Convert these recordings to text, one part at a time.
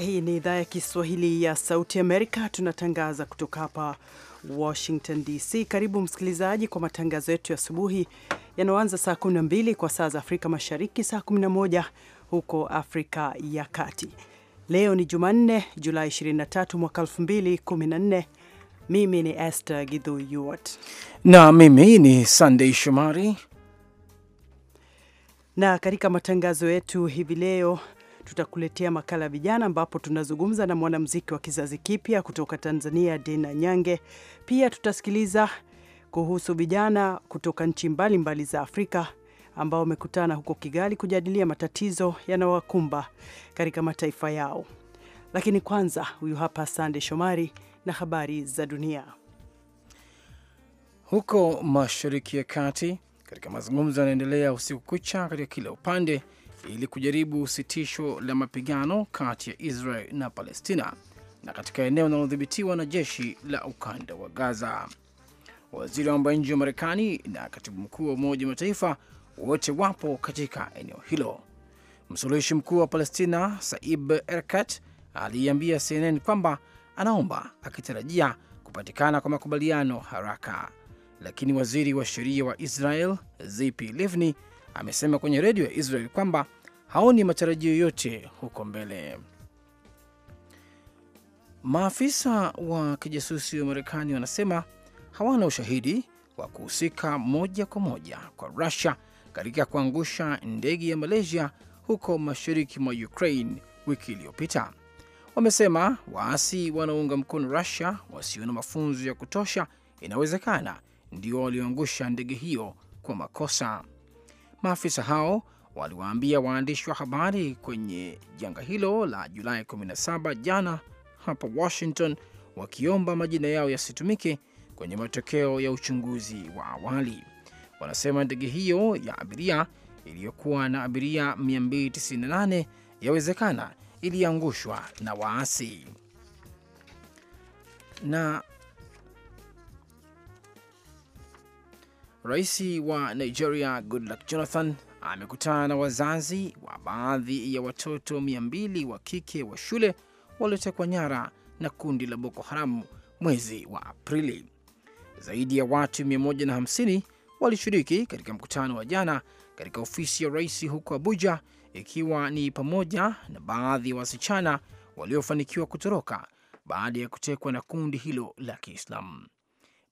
Hii ni idhaa ya Kiswahili ya Sauti Amerika, tunatangaza kutoka hapa Washington DC. Karibu msikilizaji kwa matangazo yetu ya asubuhi yanayoanza saa 12 kwa saa za Afrika Mashariki, saa 11 huko Afrika ya Kati. Leo ni Jumanne, Julai 23 mwaka 2014. Mimi ni Esther Gidhu na mimi ni sandey Shomari, na katika matangazo yetu hivi leo tutakuletea makala ya vijana, ambapo tunazungumza na mwanamuziki wa kizazi kipya kutoka Tanzania, Dina Nyange. Pia tutasikiliza kuhusu vijana kutoka nchi mbalimbali mbali za Afrika ambao wamekutana huko Kigali kujadilia matatizo yanayowakumba katika mataifa yao. Lakini kwanza, huyu hapa Sande Shomari na habari za dunia. Huko Mashariki ya Kati, katika mazungumzo yanaendelea usiku kucha katika kila upande ili kujaribu sitisho la mapigano kati ya Israel na Palestina na katika eneo linalodhibitiwa na jeshi la ukanda wa Gaza. Waziri wa mambo ya nje wa Marekani na katibu mkuu wa Umoja wa Mataifa wote wapo katika eneo hilo. Msuluhishi mkuu wa Palestina Saib Erkat aliiambia CNN kwamba anaomba akitarajia kupatikana kwa makubaliano haraka, lakini waziri wa sheria wa Israel Zipi Livni amesema kwenye redio ya Israel kwamba haoni matarajio yote huko mbele. Maafisa wa kijasusi wa Marekani wanasema hawana ushahidi wa kuhusika moja kwa moja kwa Rusia katika kuangusha ndege ya Malaysia huko mashariki mwa Ukraine wiki iliyopita. Wamesema waasi wanaounga mkono Rusia wasio na mafunzo ya kutosha, inawezekana ndio walioangusha ndege hiyo kwa makosa. Maafisa hao waliwaambia waandishi wa habari kwenye janga hilo la Julai 17 jana hapa Washington, wakiomba majina yao yasitumike kwenye matokeo ya uchunguzi wa awali. Wanasema ndege hiyo ya abiria iliyokuwa na abiria 298 yawezekana iliangushwa na waasi. Na Rais wa Nigeria Goodluck Jonathan amekutana na wazazi wa baadhi ya watoto mia mbili wa kike wa shule waliotekwa nyara na kundi la Boko Haram mwezi wa Aprili. Zaidi ya watu 150 walishiriki katika mkutano wa jana katika ofisi ya rais huko Abuja, ikiwa ni pamoja na baadhi ya wasichana waliofanikiwa kutoroka baada ya kutekwa na kundi hilo la Kiislamu.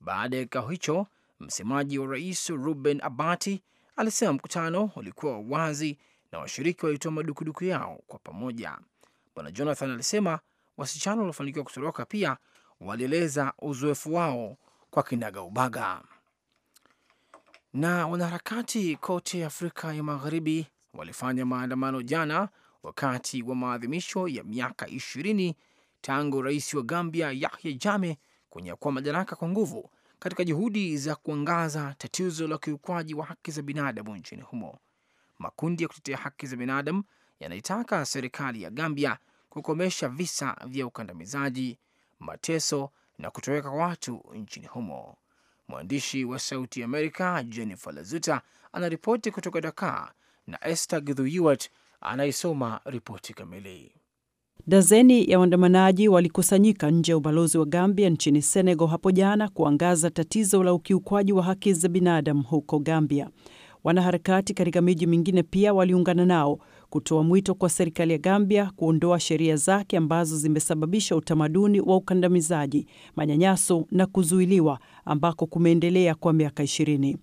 Baada ya kikao hicho Msemaji wa rais Ruben Abati alisema mkutano ulikuwa wa wazi na washiriki walitoa madukuduku yao kwa pamoja. Bwana Jonathan alisema wasichana waliofanikiwa kutoroka pia walieleza uzoefu wao kwa kinaga ubaga. Na wanaharakati kote Afrika ya Magharibi walifanya maandamano jana wakati wa maadhimisho ya miaka ishirini tangu rais wa Gambia Yahya jame kunyakua madaraka kwa nguvu katika juhudi za kuangaza tatizo la ukiukwaji wa haki za binadamu nchini humo. Makundi ya kutetea haki za binadamu yanaitaka serikali ya Gambia kukomesha visa vya ukandamizaji, mateso na kutoweka kwa watu nchini humo. Mwandishi wa Sauti Amerika Jennifer Lazuta anaripoti kutoka Dakar na Esther Gidhuyuwat anaisoma ripoti kamili. Dazeni ya waandamanaji walikusanyika nje ya ubalozi wa Gambia nchini Senegal hapo jana kuangaza tatizo la ukiukwaji wa haki za binadamu huko Gambia. Wanaharakati katika miji mingine pia waliungana nao kutoa mwito kwa serikali ya Gambia kuondoa sheria zake ambazo zimesababisha utamaduni wa ukandamizaji, manyanyaso na kuzuiliwa ambako kumeendelea kwa miaka ishirini.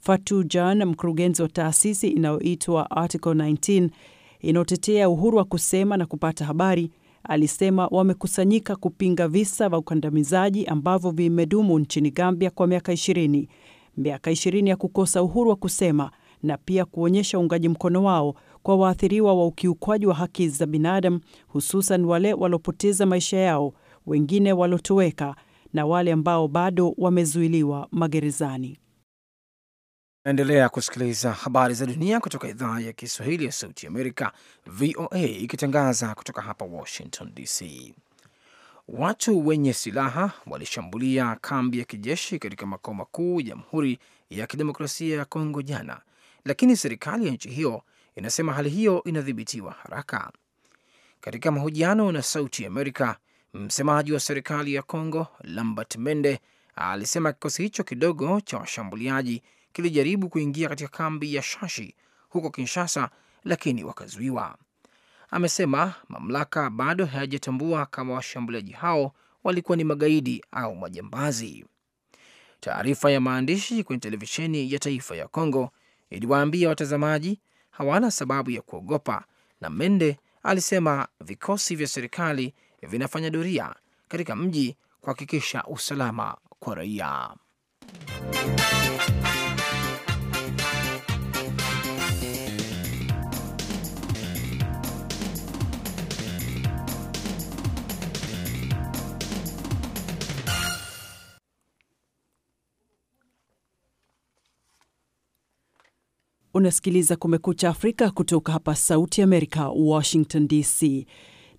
Fatu Jan, mkurugenzi wa taasisi inayoitwa Article 19 inayotetea uhuru wa kusema na kupata habari alisema wamekusanyika kupinga visa vya ukandamizaji ambavyo vimedumu nchini Gambia kwa miaka 20, miaka 20 ya kukosa uhuru wa kusema na pia kuonyesha uungaji mkono wao kwa waathiriwa wa ukiukwaji wa haki za binadamu, hususan wale waliopoteza maisha yao, wengine waliotoweka na wale ambao bado wamezuiliwa magerezani. Naendelea kusikiliza habari za dunia kutoka idhaa ya Kiswahili ya Sauti Amerika, VOA, ikitangaza kutoka hapa Washington DC. Watu wenye silaha walishambulia kambi ya kijeshi katika makao makuu ya Jamhuri ya Kidemokrasia ya Kongo jana, lakini serikali ya nchi hiyo inasema hali hiyo inadhibitiwa haraka. Katika mahojiano na Sauti Amerika, msemaji wa serikali ya Kongo Lambert Mende alisema kikosi hicho kidogo cha washambuliaji kilijaribu kuingia katika kambi ya Shashi huko Kinshasa, lakini wakazuiwa. Amesema mamlaka bado hayajatambua kama washambuliaji hao walikuwa ni magaidi au majambazi. Taarifa ya maandishi kwenye televisheni ya taifa ya congo iliwaambia watazamaji hawana sababu ya kuogopa, na Mende alisema vikosi vya serikali vinafanya doria katika mji kuhakikisha usalama kwa raia. Unasikiliza Kumekucha Afrika kutoka hapa Sauti ya Amerika, Washington DC,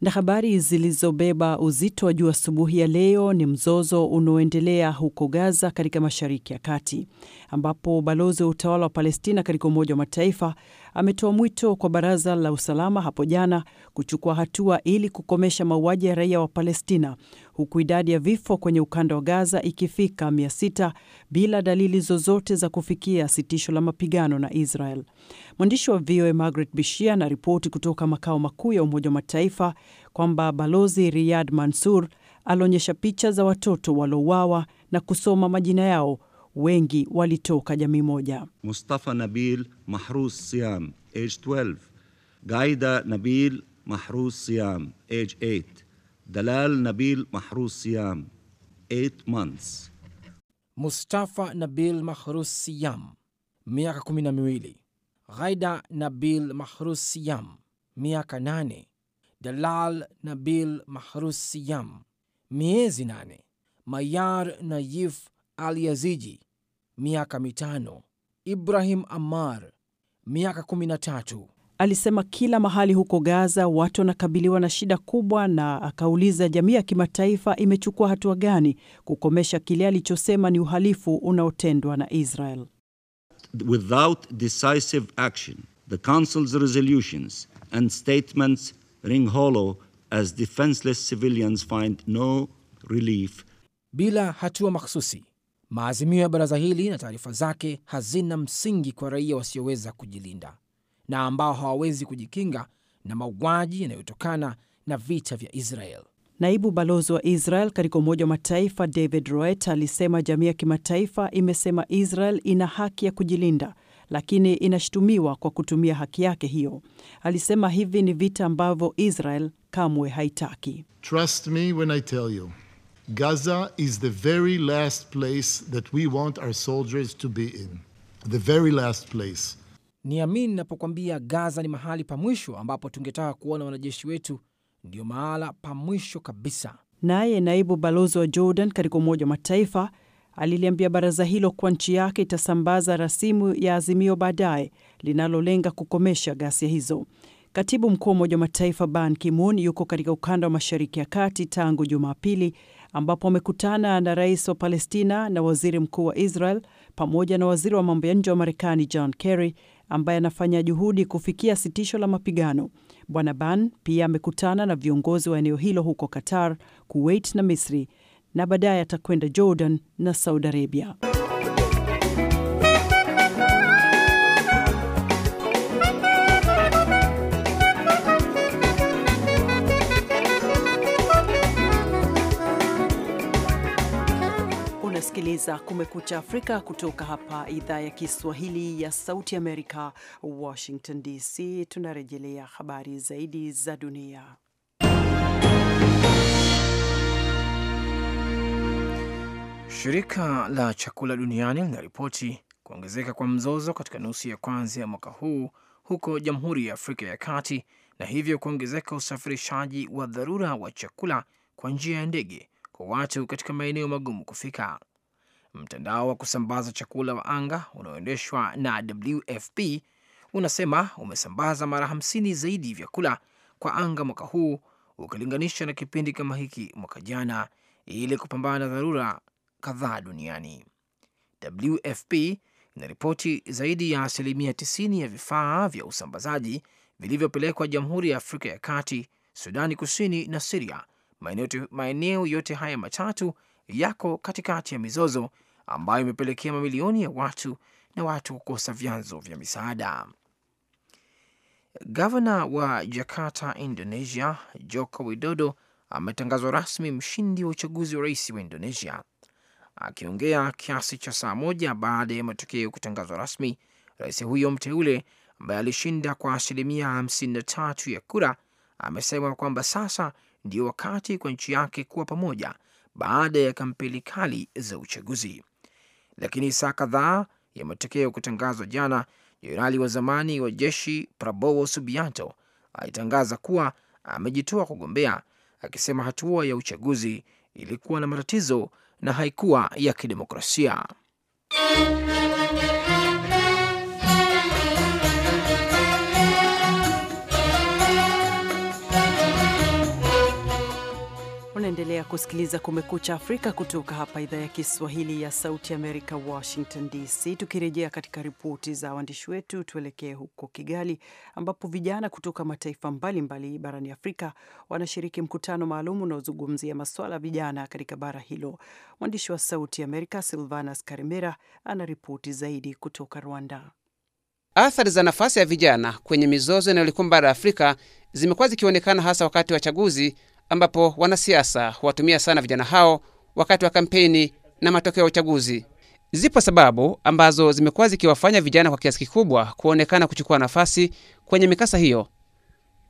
na habari zilizobeba uzito wa juu asubuhi ya leo ni mzozo unaoendelea huko Gaza katika Mashariki ya Kati, ambapo balozi wa utawala wa Palestina katika Umoja wa Mataifa ametoa mwito kwa Baraza la Usalama hapo jana kuchukua hatua ili kukomesha mauaji ya raia wa Palestina huku idadi ya vifo kwenye ukanda wa Gaza ikifika 600 bila dalili zozote za kufikia sitisho la mapigano na Israel. Mwandishi wa VOA Margaret Bishia anaripoti kutoka makao makuu ya Umoja wa Mataifa kwamba Balozi Riyad Mansur alionyesha picha za watoto waliouawa na kusoma majina yao. Wengi walitoka jamii moja. Mustafa Nabil mahrus Siam age 12, Gaida Nabil mahrus Siam age 8 Dalal Nabil Mahrous Siam, 8 months. Mustafa Nabil Mahrous Siam, miaka kumi na miwili. Ghaida Nabil Mahrous Siam, miaka nane. Dalal Nabil Mahrous Siam, miezi nane. Mayar Nayif al-yaziji miaka mitano. Ibrahim Ammar, miaka kumi na tatu alisema kila mahali huko Gaza watu wanakabiliwa na shida kubwa, na akauliza jamii ya kimataifa imechukua hatua gani kukomesha kile alichosema ni uhalifu unaotendwa na Israel. Without decisive action, the council's resolutions and statements ring hollow as defenseless civilians find no relief. Bila hatua makhususi, maazimio ya baraza hili na taarifa zake hazina msingi kwa raia wasioweza kujilinda na ambao hawawezi kujikinga na mauaji yanayotokana na vita vya Israel. Naibu balozi wa Israel katika Umoja wa Mataifa David Roet alisema jamii ya kimataifa imesema Israel ina haki ya kujilinda, lakini inashutumiwa kwa kutumia haki yake hiyo. Alisema hivi ni vita ambavyo Israel kamwe haitaki. Trust me when I tell you Gaza is the very last place that we want our soldiers to be in, the very last place Niamini napokwambia Gaza ni mahali pa mwisho ambapo tungetaka kuona wanajeshi wetu, ndio mahala pa mwisho kabisa. Naye naibu balozi wa Jordan katika Umoja wa Mataifa aliliambia baraza hilo kuwa nchi yake itasambaza rasimu ya azimio baadaye linalolenga kukomesha ghasia hizo. Katibu mkuu wa Umoja wa Mataifa Ban Ki-moon yuko katika ukanda wa Mashariki ya Kati tangu Jumapili, ambapo amekutana na rais wa Palestina na waziri mkuu wa Israel pamoja na waziri wa mambo ya nje wa Marekani John Kerry ambaye anafanya juhudi kufikia sitisho la mapigano. Bwana Ban pia amekutana na viongozi wa eneo hilo huko Qatar, Kuwait na Misri na baadaye atakwenda Jordan na Saudi Arabia. Unasikiliza Kumekucha Afrika kutoka hapa idhaa ya Kiswahili ya Sauti Amerika, Washington DC. Tunarejelea habari zaidi za dunia. Shirika la chakula duniani linaripoti kuongezeka kwa mzozo katika nusu ya kwanza ya mwaka huu huko Jamhuri ya Afrika ya Kati, na hivyo kuongezeka usafirishaji wa dharura wa chakula kwa njia ya ndege kwa watu katika maeneo magumu kufika. Mtandao wa kusambaza chakula wa anga unaoendeshwa na WFP unasema umesambaza mara hamsini zaidi vyakula kwa anga mwaka huu ukilinganisha na kipindi kama hiki mwaka jana, ili kupambana na dharura kadhaa duniani. WFP inaripoti zaidi ya asilimia 90 ya vifaa vya usambazaji vilivyopelekwa Jamhuri ya Afrika ya Kati, Sudani Kusini na Siria. Maeneo yote haya matatu yako katikati ya mizozo ambayo imepelekea mamilioni ya watu na watu kukosa vyanzo vya misaada. Gavana wa Jakarta, Indonesia, Joko Widodo ametangazwa rasmi mshindi wa uchaguzi wa rais wa Indonesia. Akiongea kiasi cha saa moja baada ya matokeo kutangazwa rasmi, rais huyo mteule ambaye alishinda kwa asilimia 53 ya kura amesema kwamba sasa ndio wakati kwa nchi yake kuwa pamoja baada ya kampeni kali za uchaguzi. Lakini saa kadhaa ya matokeo kutangazwa jana, jenerali wa zamani wa jeshi Prabowo Subianto alitangaza kuwa amejitoa kugombea, akisema hatua ya uchaguzi ilikuwa na matatizo na haikuwa ya kidemokrasia. Unaendelea kusikiliza Kumekucha Afrika kutoka hapa idhaa ya Kiswahili ya Sauti Amerika, Washington DC. Tukirejea katika ripoti za waandishi wetu, tuelekee huko Kigali ambapo vijana kutoka mataifa mbalimbali mbali barani Afrika wanashiriki mkutano maalum unaozungumzia maswala ya vijana katika bara hilo. Mwandishi wa Sauti Amerika Silvanas Karimera ana ripoti zaidi kutoka Rwanda. Athari za nafasi ya vijana kwenye mizozo inayolikumba bara Afrika zimekuwa zikionekana hasa wakati wa chaguzi ambapo wanasiasa huwatumia sana vijana hao wakati wa kampeni na matokeo ya uchaguzi. Zipo sababu ambazo zimekuwa zikiwafanya vijana kwa kiasi kikubwa kuonekana kuchukua nafasi kwenye mikasa hiyo.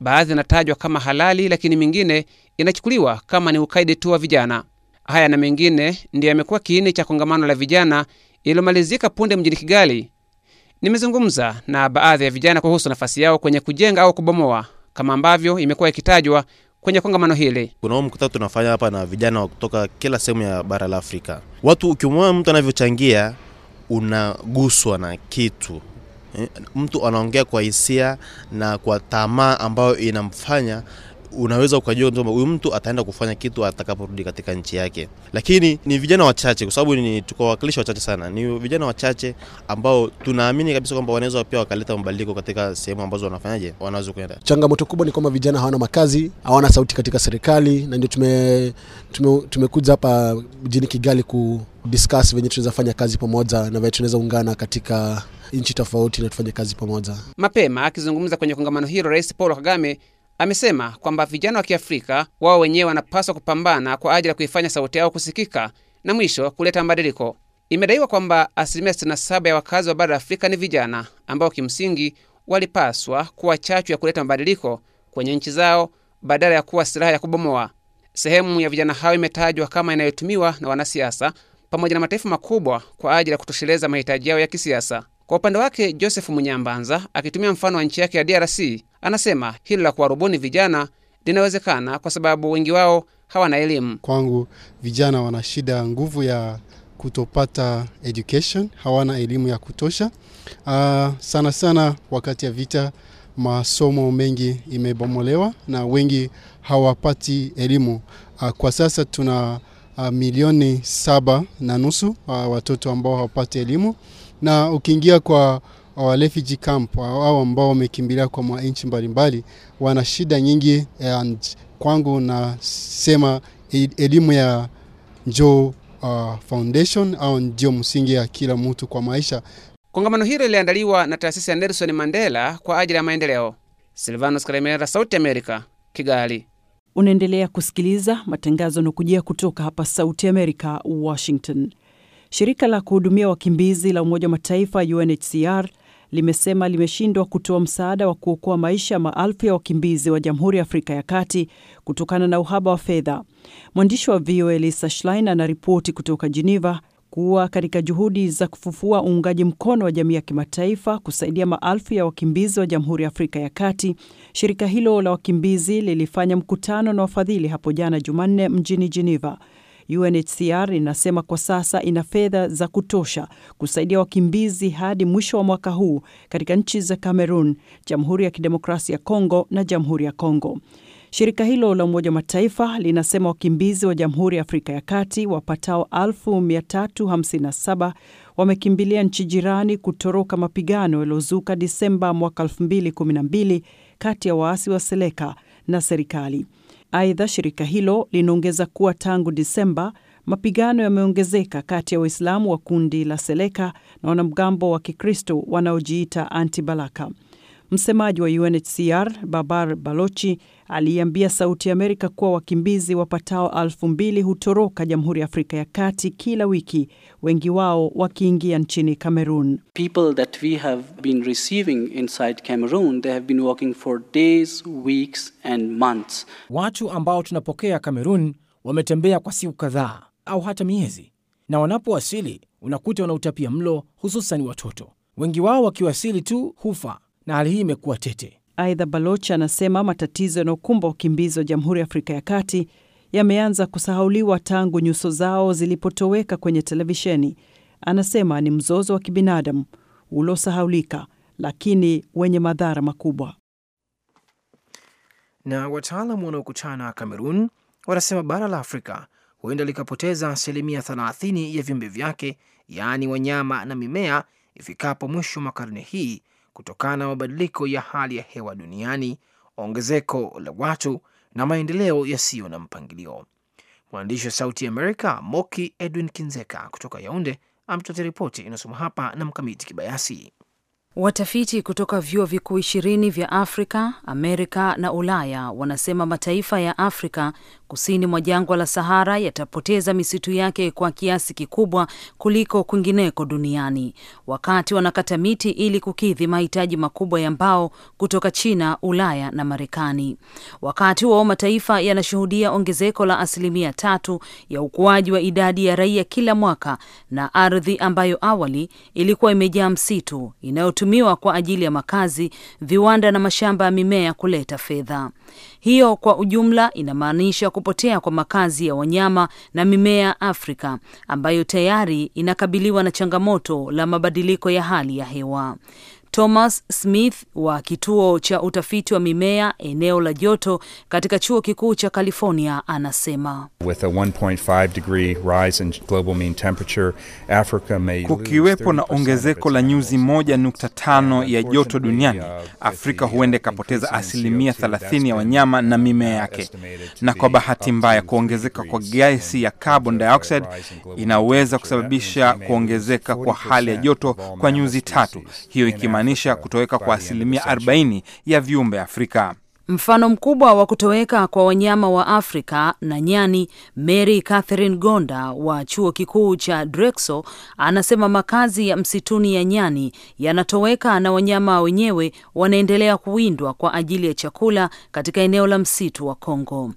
Baadhi inatajwa kama halali, lakini mingine inachukuliwa kama ni ukaidi tu wa vijana. Haya na mengine ndiyo yamekuwa kiini cha kongamano la vijana ililomalizika punde mjini Kigali. Nimezungumza na baadhi ya vijana kuhusu nafasi yao kwenye kujenga au kubomoa, kama ambavyo imekuwa ikitajwa kwenye kongamano hili? Kuna mkutano tunafanya hapa na vijana wa kutoka kila sehemu ya bara la Afrika. Watu ukimwona mtu anavyochangia unaguswa na kitu eh, mtu anaongea kwa hisia na kwa tamaa ambayo inamfanya unaweza ukajua kwamba huyu mtu ataenda kufanya kitu atakaporudi katika nchi yake, lakini ni vijana wachache, kwa sababu ni tukawakilishi wachache sana, ni vijana wachache ambao tunaamini kabisa kwamba wanaweza pia wakaleta mabadiliko katika sehemu ambazo wanafanyaje, wanaweza kwenda. Changamoto kubwa ni kwamba vijana hawana makazi, hawana sauti katika serikali, na ndio tume, tume, tumekuja hapa mjini Kigali ku discuss venye tunaweza fanya kazi pamoja na venye tunaweza ungana katika nchi tofauti na tufanye kazi pamoja. Mapema akizungumza kwenye kongamano hilo, Rais Paul Kagame amesema kwamba vijana wa Kiafrika wao wenyewe wanapaswa kupambana kwa ajili ya kuifanya sauti yao kusikika na mwisho kuleta mabadiliko. Imedaiwa kwamba asilimia 67 ya wakazi wa bara la Afrika ni vijana ambao kimsingi walipaswa kuwa chachu ya kuleta mabadiliko kwenye nchi zao badala ya kuwa silaha ya kubomoa. Sehemu ya vijana hao imetajwa kama inayotumiwa na wanasiasa pamoja na mataifa makubwa kwa ajili ya kutosheleza mahitaji yao ya kisiasa. Kwa upande wake, Joseph Munyambanza akitumia mfano wa nchi yake ya DRC anasema hilo la kuwarubuni vijana linawezekana kwa sababu wengi wao hawana elimu. Kwangu vijana wana shida ya nguvu ya kutopata education, hawana elimu ya kutosha. Uh, sana sana wakati ya vita masomo mengi imebomolewa na wengi hawapati elimu. Uh, kwa sasa tuna uh, milioni saba na nusu uh, watoto ambao hawapati elimu na ukiingia kwa wa uh, refugee camp au ambao wamekimbilia kwa manchi mbalimbali wana shida nyingi, and kwangu nasema e, elimu ya njo uh, Foundation au ndio msingi ya kila mtu kwa maisha. Kongamano hilo liliandaliwa na taasisi ya Nelson Mandela kwa ajili ya maendeleo. Silvanos Karemera, Sauti America, Kigali. Unaendelea kusikiliza matangazo yanakujia kutoka hapa Sauti America, Washington. Shirika la kuhudumia wakimbizi la Umoja wa Mataifa UNHCR limesema limeshindwa kutoa msaada wa kuokoa maisha maelfu ya wakimbizi wa Jamhuri ya Afrika ya Kati kutokana na uhaba wa fedha. Mwandishi wa VOA Lisa Schlein anaripoti kutoka Geneva kuwa katika juhudi za kufufua uungaji mkono wa jamii ya kimataifa kusaidia maelfu ya wakimbizi wa Jamhuri ya Afrika ya Kati, shirika hilo la wakimbizi lilifanya mkutano na wafadhili hapo jana Jumanne mjini Geneva. UNHCR inasema kwa sasa ina fedha za kutosha kusaidia wakimbizi hadi mwisho wa mwaka huu katika nchi za Cameroon, Jamhuri ya Kidemokrasia ya Kongo na Jamhuri ya Kongo. Shirika hilo la Umoja wa Mataifa linasema wakimbizi wa Jamhuri ya Afrika ya Kati wapatao 1357 wamekimbilia nchi jirani kutoroka mapigano yaliyozuka Disemba mwaka 2012 kati ya waasi wa Seleka na serikali. Aidha, shirika hilo linaongeza kuwa tangu Disemba mapigano yameongezeka kati ya Waislamu wa kundi la Seleka na wanamgambo wa Kikristo wanaojiita Anti Balaka. Msemaji wa UNHCR Babar Balochi aliiambia Sauti ya Amerika kuwa wakimbizi wapatao elfu mbili hutoroka Jamhuri ya Afrika ya Kati kila wiki, wengi wao wakiingia nchini Cameroon. People that we have been receiving inside Cameroon, they have been working for days, weeks and months. Watu ambao tunapokea Cameroon wametembea kwa siku kadhaa au hata miezi, na wanapowasili unakuta wanautapia mlo, hususan watoto wengi wao wakiwasili tu hufa na hali hii imekuwa tete. Aidha, Baloch anasema matatizo yanayokumba wakimbizi wa Jamhuri ya Afrika ya Kati yameanza kusahauliwa tangu nyuso zao zilipotoweka kwenye televisheni. Anasema ni mzozo wa kibinadamu uliosahaulika, lakini wenye madhara makubwa. Na wataalam wanaokutana Kamerun wanasema bara la Afrika huenda likapoteza asilimia 30 ya viumbe vyake, yaani wanyama na mimea, ifikapo mwisho wa karne hii kutokana na mabadiliko ya hali ya hewa duniani, ongezeko la watu na maendeleo yasiyo na mpangilio. Mwandishi wa Sauti Amerika Moki Edwin Kinzeka kutoka Yaunde ametuletea ripoti inayosoma hapa na Mkamiti Kibayasi. Watafiti kutoka vyuo vikuu ishirini vya Afrika, Amerika na Ulaya wanasema mataifa ya Afrika kusini mwa jangwa la Sahara yatapoteza misitu yake kwa kiasi kikubwa kuliko kwingineko duniani, wakati wanakata miti ili kukidhi mahitaji makubwa ya mbao kutoka China, Ulaya na Marekani. Wakati huo mataifa yanashuhudia ongezeko la asilimia tatu ya ukuaji wa idadi ya raia kila mwaka, na ardhi ambayo awali ilikuwa imejaa msitu inayotumiwa kwa ajili ya makazi, viwanda na mashamba ya mimea kuleta fedha. Hiyo kwa ujumla inamaanisha kupotea kwa makazi ya wanyama na mimea Afrika ambayo tayari inakabiliwa na changamoto la mabadiliko ya hali ya hewa. Thomas Smith wa kituo cha utafiti wa mimea eneo la joto katika chuo kikuu cha California anasema kukiwepo na ongezeko la nyuzi 1.5 ya joto uh, duniani, Afrika uh, huenda ikapoteza asilimia 30 ya wanyama na mimea uh, yake, na kwa bahati mbaya, kuongezeka kwa gesi ya carbon dioxide inaweza kusababisha kuongezeka kwa hali ya joto kwa nyuzi tatu, hiyo ikima kumaanisha kutoweka kwa asilimia 40 ya viumbe Afrika. Mfano mkubwa wa kutoweka kwa wanyama wa Afrika na nyani, Mary Catherine Gonda wa chuo kikuu cha Drexel anasema makazi ya msituni ya nyani yanatoweka na wanyama wenyewe wanaendelea kuwindwa kwa ajili ya chakula katika eneo la msitu wa Kongo.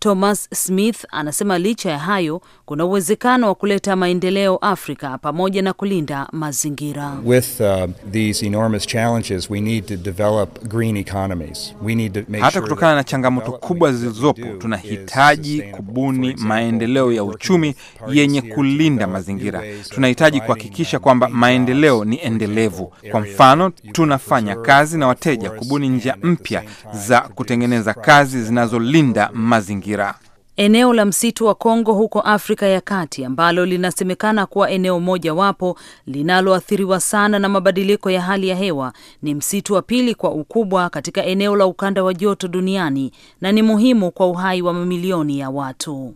Thomas Smith anasema licha ya hayo kuna uwezekano wa kuleta maendeleo Afrika pamoja na kulinda mazingira. With, uh, these enormous challenges we need to develop green economies. We need to make hata sure kutokana na changamoto kubwa zilizopo tunahitaji kubuni maendeleo ya uchumi yenye kulinda mazingira. Tunahitaji kuhakikisha uh, kwamba maendeleo ni endelevu. Kwa mfano, tunafanya kazi na wateja kubuni njia mpya za kutengeneza kazi zinazolinda mazingira mazingira. Eneo la msitu wa Kongo huko Afrika ya Kati ambalo linasemekana kuwa eneo mojawapo linaloathiriwa sana na mabadiliko ya hali ya hewa ni msitu wa pili kwa ukubwa katika eneo la ukanda wa joto duniani na ni muhimu kwa uhai wa mamilioni ya watu.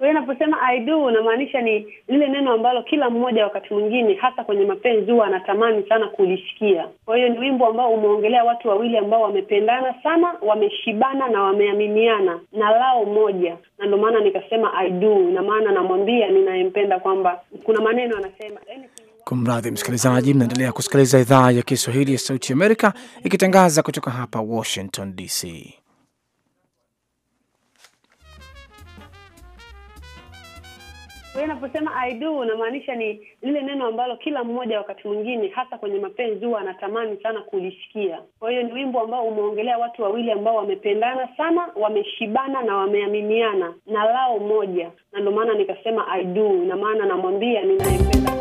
Wewe unaposema I do unamaanisha ni lile neno ambalo kila mmoja wakati mwingine, hasa kwenye mapenzi, huwa anatamani sana kulisikia. Kwa hiyo ni wimbo ambao umeongelea watu wawili ambao wamependana sana, wameshibana na wameaminiana na lao moja, na ndio maana nikasema I do, na maana namwambia ninayempenda kwamba kuna maneno anasema yaani Kumradhi msikilizaji, mnaendelea kusikiliza idhaa ya Kiswahili ya Sauti Amerika ikitangaza kutoka hapa Washington DC. Kwa hiyo naposema I do ni lile neno ambalo kila mmoja wakati mwingine, hasa kwenye mapenzi, huwa anatamani sana kulisikia. Kwa hiyo ni wimbo ambao umeongelea watu wawili ambao wamependana sana, wameshibana na wameaminiana na lao moja, na ndio maana nikasema I do, ina maana namwambia ninayempenda.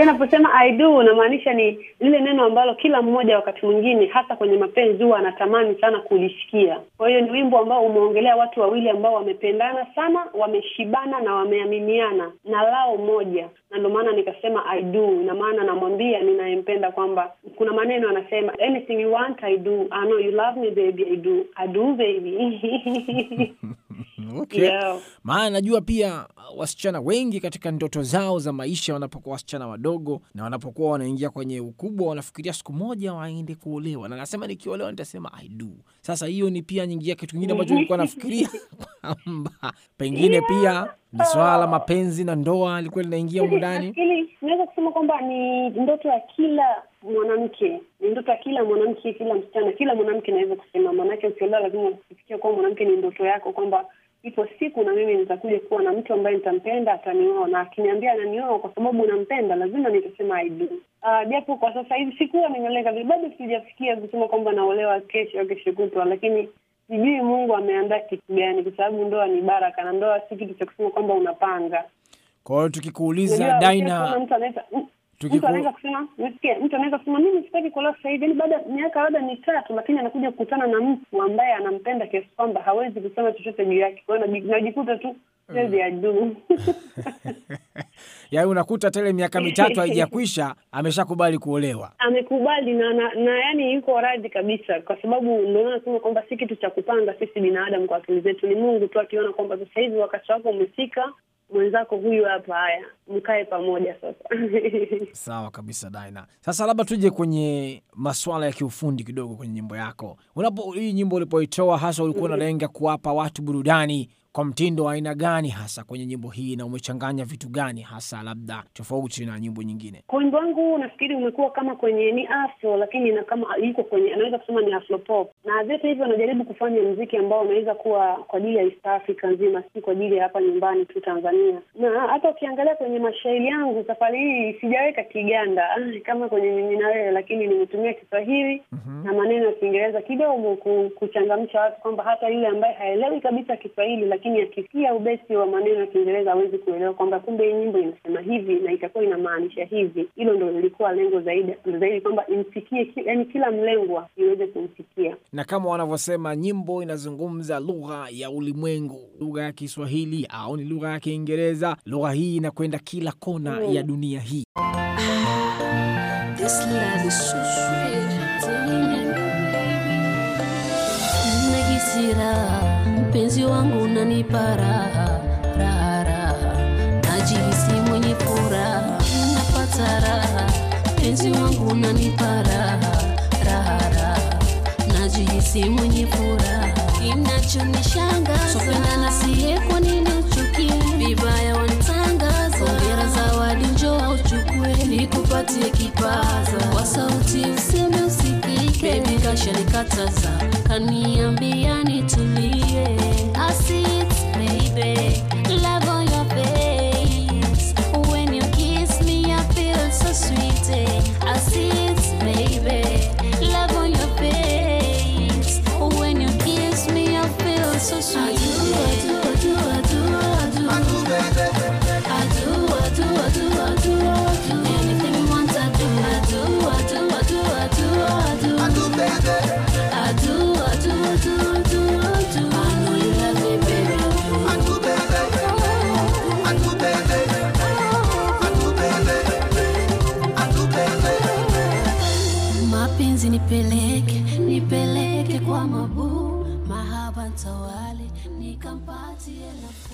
hiyo unaposema I do unamaanisha ni lile neno ambalo kila mmoja wakati mwingine, hasa kwenye mapenzi, huwa anatamani sana kulisikia. Kwa hiyo ni wimbo ambao umeongelea watu wawili ambao wamependana sana, wameshibana na wameaminiana na lao moja, na ndio maana nikasema I do, na maana namwambia ninayempenda kwamba kuna maneno anasema anything you want I do, I know you love me baby I do, I do baby Mm, okay. Yeah. Maana najua pia uh, wasichana wengi katika ndoto zao za maisha wanapokuwa wasichana wadogo na wanapokuwa wanaingia kwenye ukubwa wanafikiria siku moja waende kuolewa, na nasema nikiolewa nitasema I do. Sasa hiyo ni pia nyingia kitu kingine ambacho nilikuwa nafikiria kwamba pengine yeah. pia ni swala la mapenzi na ndoa likuwa linaingia humu ndani. Naweza kusema kwamba ni ndoto ya kila mwanamke, ni ndoto ya kila mwanamke, kila msichana, kila mwanamke naweza kusema, maanake ukiolewa lazima ufikia kuwa mwanamke, ni ndoto yako kwamba ipo siku na mimi nitakuja kuwa na mtu ambaye nitampenda, atanioa na akiniambia ananioa kwa sababu unampenda, lazima nitasema I do. Uh, japo kwa sasa hivi sikuwa nimelenga vile, bado sijafikia kusema kwamba naolewa kesho au kesho kutwa, lakini sijui Mungu ameandaa kitu gani, kwa sababu ndoa ni baraka na ndoa si kitu cha kusema kwamba unapanga. Kwa hiyo tukikuuliza Daina, mtu anaweza mtu anaweza kusema nasikia, mtu anaweza kusema mimi sitaki kuolewa sasa hivi, yani baada ya miaka labda mitatu, lakini anakuja kukutana na mtu ambaye anampenda kiasi kwamba hawezi kusema chochote juu yake, kwa hiyo najikuta tu chezi ya juu yaani unakuta tele miaka mitatu haijakwisha ameshakubali kuolewa, amekubali na, na, na yani yuko radhi kabisa, kwa sababu ndio nasema kwamba si kitu cha kupanga sisi binadamu kwa akili zetu, ni Mungu tu akiona kwamba sasa hivi wakati wako umefika mwenzako huyu hapa, haya mkae pamoja sasa. Sawa kabisa Daina. Sasa labda tuje kwenye masuala ya kiufundi kidogo kwenye nyimbo yako. Unapo hii nyimbo ulipoitoa hasa ulikuwa unalenga kuwapa watu burudani kwa mtindo wa aina gani hasa kwenye nyimbo hii na umechanganya vitu gani hasa labda tofauti na nyimbo nyingine? Kwa wimbo wangu nafikiri umekuwa kama kwenye ni afro, lakini na kama kwenye anaweza kusema ni afro na vyote hivyo anajaribu kufanya mziki ambao unaweza kuwa kwa ajili ya East Africa nzima, si kwa ajili ya hapa nyumbani tu Tanzania. Na hata ukiangalia kwenye mashairi yangu safari hii sijaweka Kiganda ah, kama kwenye mimi na wewe, lakini nimetumia Kiswahili mm -hmm. na maneno ya Kiingereza kidogo kuchangamsha watu kwamba hata yule ambaye haelewi kabisa Kiswahili lakini akisikia ubesi wa maneno ya Kiingereza hawezi kuelewa kwamba kumbe nyimbo inasema hivi na itakuwa inamaanisha hivi. Hilo ndo lilikuwa lengo zaidi zaidi, kwamba imfikie, yani kila mlengwa iweze kumfikia, na kama wanavyosema nyimbo inazungumza lugha ya ulimwengu, lugha ya Kiswahili au ni lugha ya Kiingereza. Lugha hii inakwenda kila kona mm. ya dunia hii. Ah, mpenzi wangu unanipa raha raha raha, najihisi mwenye furaha, napata raha, mpenzi wangu unanipa raha raha najihisi mwenye furaha, kinachonishangaza sopenda nasie, kwa uchukie vibaya wanitangaza, ongera zawadi, njoo uchukue nikupatie kipaza, kwa sauti useme usikike, baby nikataza kaniambia nitulie assim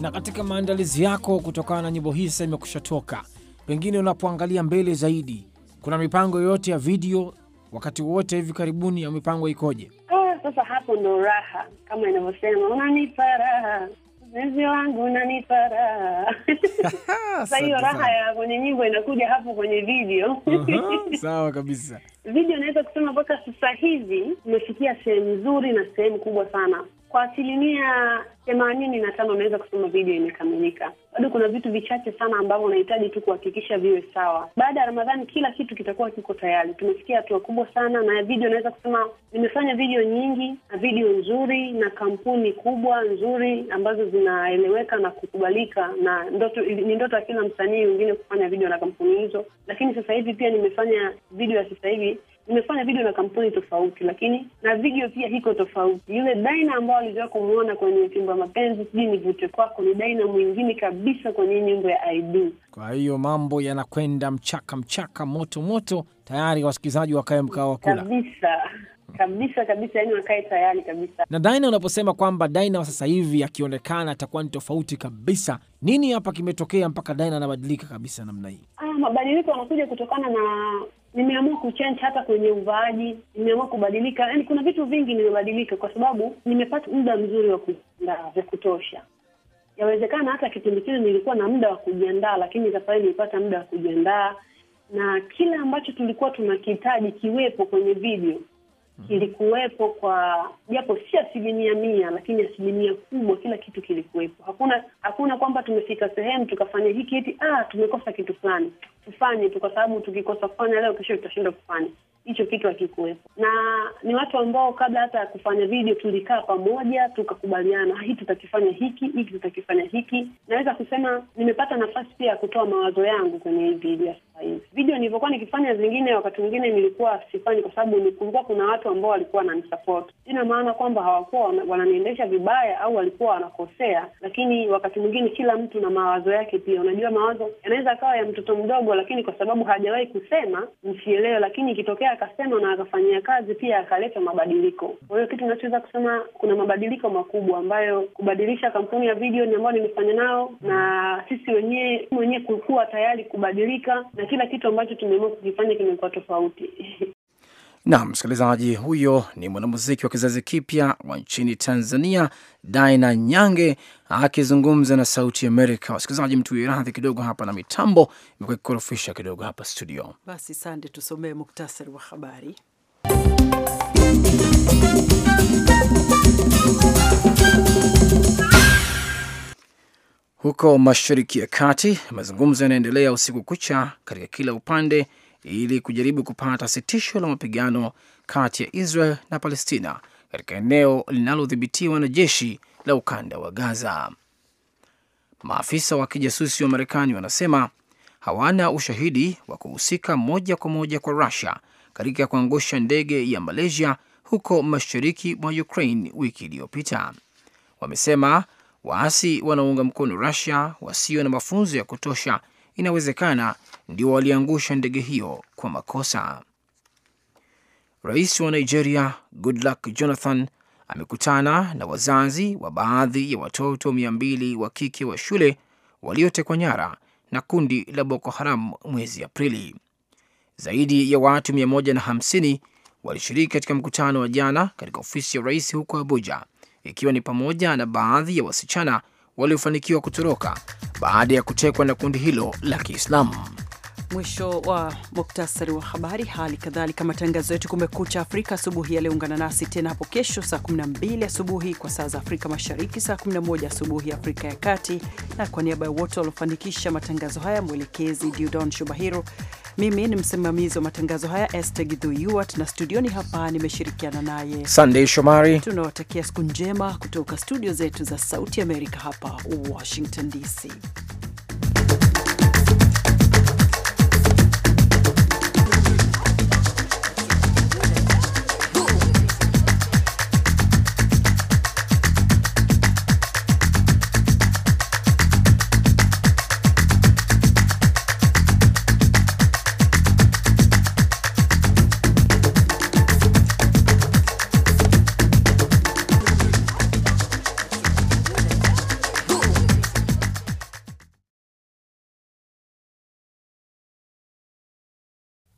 Na katika maandalizi yako kutokana na nyimbo hii sasa imekusha toka, pengine unapoangalia mbele zaidi, kuna mipango yoyote ya video wakati wote hivi karibuni, ya mipango ikoje? Ah, sasa hapo ndo raha, kama inavyosema unanipa raha mpenzi wangu unanipa raha. sa hiyo raha ya kwenye nyimbo inakuja hapo kwenye video. uh -huh, sawa kabisa. Video inaweza kusema mpaka sasa hivi imefikia sehemu nzuri na sehemu kubwa sana kwa asilimia themanini na tano unaweza kusema video imekamilika. Bado kuna vitu vichache sana ambavyo unahitaji tu kuhakikisha viwe sawa. Baada ya Ramadhani kila kitu kitakuwa kiko tayari. Tumefikia hatua kubwa sana, na video naweza kusema nimefanya video nyingi na video nzuri na kampuni kubwa nzuri ambazo zinaeleweka na kukubalika, na ndoto ni ndoto ya kila msanii wengine kufanya video na kampuni hizo, lakini sasa hivi pia nimefanya video ya sasa hivi nimefanya video na kampuni tofauti, lakini na video pia hiko tofauti. Yule Daina ambayo alizoea kumwona kwenye fimbo ya mapenzi, sijui nivute kwako, ni Daina mwingine kabisa kwenye nyimbo ya id Kwa hiyo mambo yanakwenda mchaka mchaka, moto moto, tayari wasikilizaji wakae mkao kula kabisa kabisa kabisa, yani wakae tayari kabisa. Na Daina, unaposema kwamba Daina wa sasa hivi akionekana atakuwa ni tofauti kabisa, nini hapa kimetokea mpaka Daina anabadilika kabisa namna hii? Ah, mabadiliko yanakuja kutokana na nimeamua kuchange hata kwenye uvaaji, nimeamua kubadilika. Yani kuna vitu vingi nimebadilika kwa sababu nimepata muda mzuri wa kujiandaa vya kutosha. Yawezekana hata kipindi kile nilikuwa na muda wa kujiandaa, lakini safari nilipata muda wa kujiandaa na kile ambacho tulikuwa tunakihitaji kiwepo kwenye video Mhm. kilikuwepo kwa japo si asilimia mia, lakini asilimia kubwa, kila kitu kilikuwepo. Hakuna hakuna kwamba tumefika sehemu tukafanya hiki eti ah, tumekosa kitu fulani tufanye tu, kwa sababu tukikosa kufanya leo, kesho tutashinda kufanya hicho kitu hakikuwepo. Na ni watu ambao kabla hata ya kufanya video tulikaa pamoja tukakubaliana, ah, hii tutakifanya hiki, hiki tutakifanya hiki. Naweza kusema nimepata nafasi pia ya kutoa mawazo yangu kwenye hii video hivi. Video nilivyokuwa nikifanya zingine, wakati mwingine nilikuwa sifanyi kwa sababu nilikumbuka kuna watu ambao walikuwa wananisupport. Ina maana kwamba hawakuwa wananiendesha vibaya au walikuwa wanakosea, lakini wakati mwingine kila mtu na mawazo yake. Pia unajua mawazo yanaweza akawa ya mtoto mdogo, lakini kwa sababu hajawahi kusema msielewe, lakini ikitokea akasema na akafanyia kazi pia akaleta mabadiliko. Kwa hiyo kitu ninachoweza kusema, kuna mabadiliko makubwa ambayo kubadilisha kampuni ya video ni ambayo nimefanya nao na sisi wenyewe mwenyewe kukuwa tayari kubadilika na kila kitu ambacho tumeamua kukifanya kimekuwa tofauti. Naam, msikilizaji, huyo ni mwanamuziki wa kizazi kipya wa nchini Tanzania, Daina Nyange akizungumza na Sauti Amerika. Wasikilizaji, mtu radhi kidogo hapa na mitambo imekuwa ikikorofisha kidogo hapa studio. Basi sande, tusomee muktasari wa habari. Huko Mashariki ya Kati, mazungumzo yanaendelea usiku kucha katika kila upande ili kujaribu kupata sitisho la mapigano kati ya Israel na Palestina katika eneo linalodhibitiwa na jeshi la ukanda wa Gaza. Maafisa wa kijasusi wa Marekani wanasema hawana ushahidi wa kuhusika moja kwa moja kwa Rusia katika kuangusha ndege ya Malaysia huko mashariki mwa Ukraine wiki iliyopita. Wamesema waasi wanaounga mkono Rusia wasio na mafunzo ya kutosha inawezekana ndio waliangusha ndege hiyo kwa makosa. Rais wa Nigeria Goodluck Jonathan amekutana na wazazi wa baadhi ya watoto mia mbili wa kike wa shule waliotekwa nyara na kundi la Boko Haram mwezi Aprili. Zaidi ya watu 150 walishiriki katika mkutano wa jana katika ofisi ya rais huko Abuja ikiwa ni pamoja na baadhi ya wasichana waliofanikiwa kutoroka baada ya kutekwa na kundi hilo la Kiislamu. Mwisho wa muktasari wa habari. Hali kadhalika matangazo yetu Kumekucha Afrika asubuhi yaliyoungana nasi tena hapo kesho saa 12 asubuhi kwa saa za Afrika Mashariki, saa 11 asubuhi Afrika ya Kati. Na kwa niaba ya wote waliofanikisha matangazo haya, mwelekezi Diudon Shubahiro, mimi ni msimamizi wa matangazo haya Estegidhyuat, na studioni hapa nimeshirikiana naye Sandey Shomari. Tunawatakia siku njema kutoka studio zetu za Sauti Amerika hapa Washington DC.